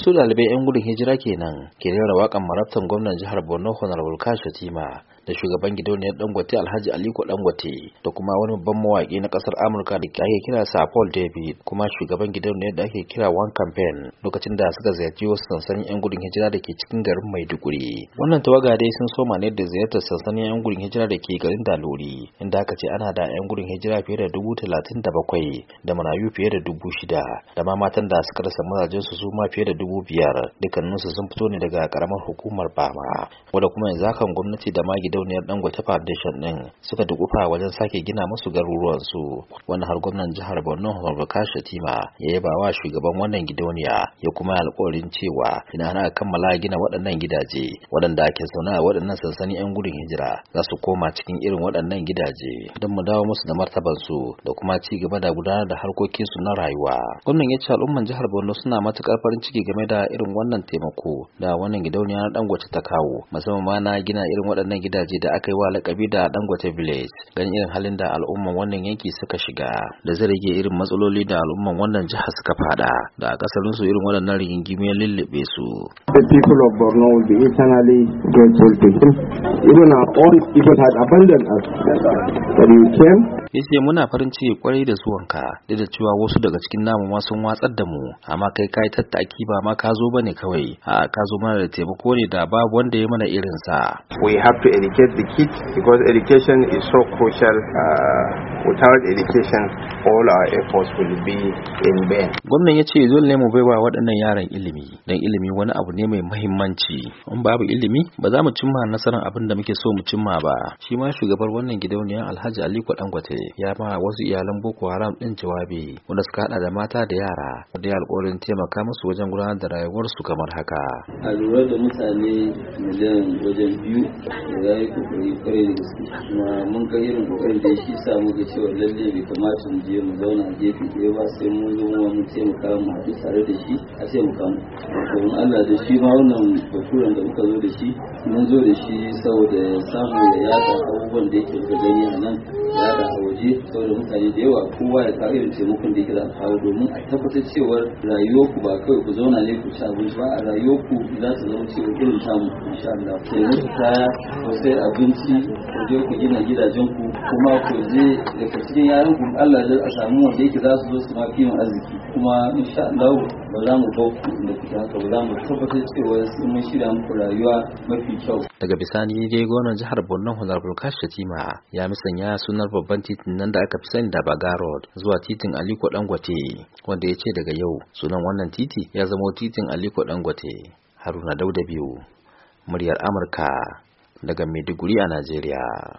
wasu dalibai 'yan gudun hijira kenan ke rera wakan marabtan gwamnan jihar borno honorable kashi tima da shugaban gidauniyar dangote alhaji aliko dangote da kuma wani babban mawaƙi na ƙasar amurka da ake kira sa paul david kuma shugaban gidauniyar da ake kira one campaign lokacin da suka ziyarci wasu sansanin yan gudun hijira da ke cikin garin maiduguri wannan tawaga dai sun soma ne da ziyartar sansanin yan gudun hijira da ke garin dalori inda aka ce ana da yan gudun hijira fiye da dubu talatin da bakwai da marayu fiye da dubu shida da ma matan da suka rasa mazajen su ma fiye da dubu biyar dukkaninsu sun fito ne daga karamar hukumar bama wadda kuma yanzu hakan gwamnati da ma gidan gidauniyar dangote foundation din suka dukufa wajen sake gina musu garuruwan su wani har gwamnan jihar borno mabaka shatima ya yaba wa shugaban wannan gidauniya ya kuma alkawarin cewa ina ana kammala gina waɗannan gidaje waɗanda ake zaune a waɗannan sansani 'yan gudun hijira za su koma cikin irin waɗannan gidaje don mu dawo musu da su da kuma ci gaba da gudanar da su na rayuwa gwamnan ya ce al'umman jihar borno suna matukar farin ciki game da irin wannan taimako da wannan gidauniya na dangote ta kawo musamman ma na gina irin waɗannan gidaje gidaje da aka yi wa lakabi da dangote village ganin irin halin da al'umman wannan yanki suka shiga da zai rage irin matsaloli da al'umman wannan jiha suka fada da a kasarin su irin waɗannan rigingimiyar lullube su. The people of Borno will be eternally grateful to him even our own people had abandoned us. you came. ya ce muna farin ciki kwarai da zuwanka da da cewa wasu daga cikin namu ma sun watsar da mu amma kai kai tattaki ba ma ka zo ne kawai a ka zo mana da taimako ne da babu wanda ya mana irin sa we have to educate the kids because education is so crucial uh, without education all our efforts will be in vain gwamnan ya ce dole ne mu wa waɗannan yaran ilimi dan ilimi wani abu ne mai muhimmanci in babu ilimi ba za mu cimma nasarar abin da muke so mu cimma ba shi ma shugabar wannan gidauniyar alhaji aliko dangote ya ba wasu iyalan boko haram din jawabi wanda suka hada da mata da yara da ya alƙawarin taimaka musu wajen gudanar da rayuwarsu kamar haka a lura da mutane miliyan wajen biyu da ya yi kokari kwarai da gaske kuma mun ga irin kokarin da shi sa mu ga cewa lalle bai kamata mu je mu zauna a gefe ɗaya ba sai mun zo mu taimaka mu haɗu tare da shi a taimaka mu domin Allah da shi ma wannan baturan da muka zo da shi mun zo da shi sau da ya samu ya yada abubuwan da yake gani a nan ya yada waje saboda mutane da yawa kowa ya kawo irin taimakon da yake za a kawo domin a tabbatar cewa rayuwarku ba kawai ku zauna ne ku ci abinci ba a rayuwarku za su zama cewa irin tamu insha Allah ku yi kaya ku sai abinci ku je ku gina gidajen ku kuma ku je daga cikin yaran ku Allah ya samu wanda yake za su zo su ma yin arziki kuma insha Allah ba za mu bau da kuke haka ba za mu tabbatar cewa sun mun shirya muku rayuwa mafi kyau daga bisani dai gwamnan jihar Borno Honorable Kashi Tima ya misanya sunar babban titin nan da aka fi sani da Baga Road zuwa titin Aliko Dangote wanda ya ce daga yau sunan wannan titi ya zama titin Aliko Dangote. Haruna Dauda biyu, muryar Amurka daga Maiduguri a Najeriya.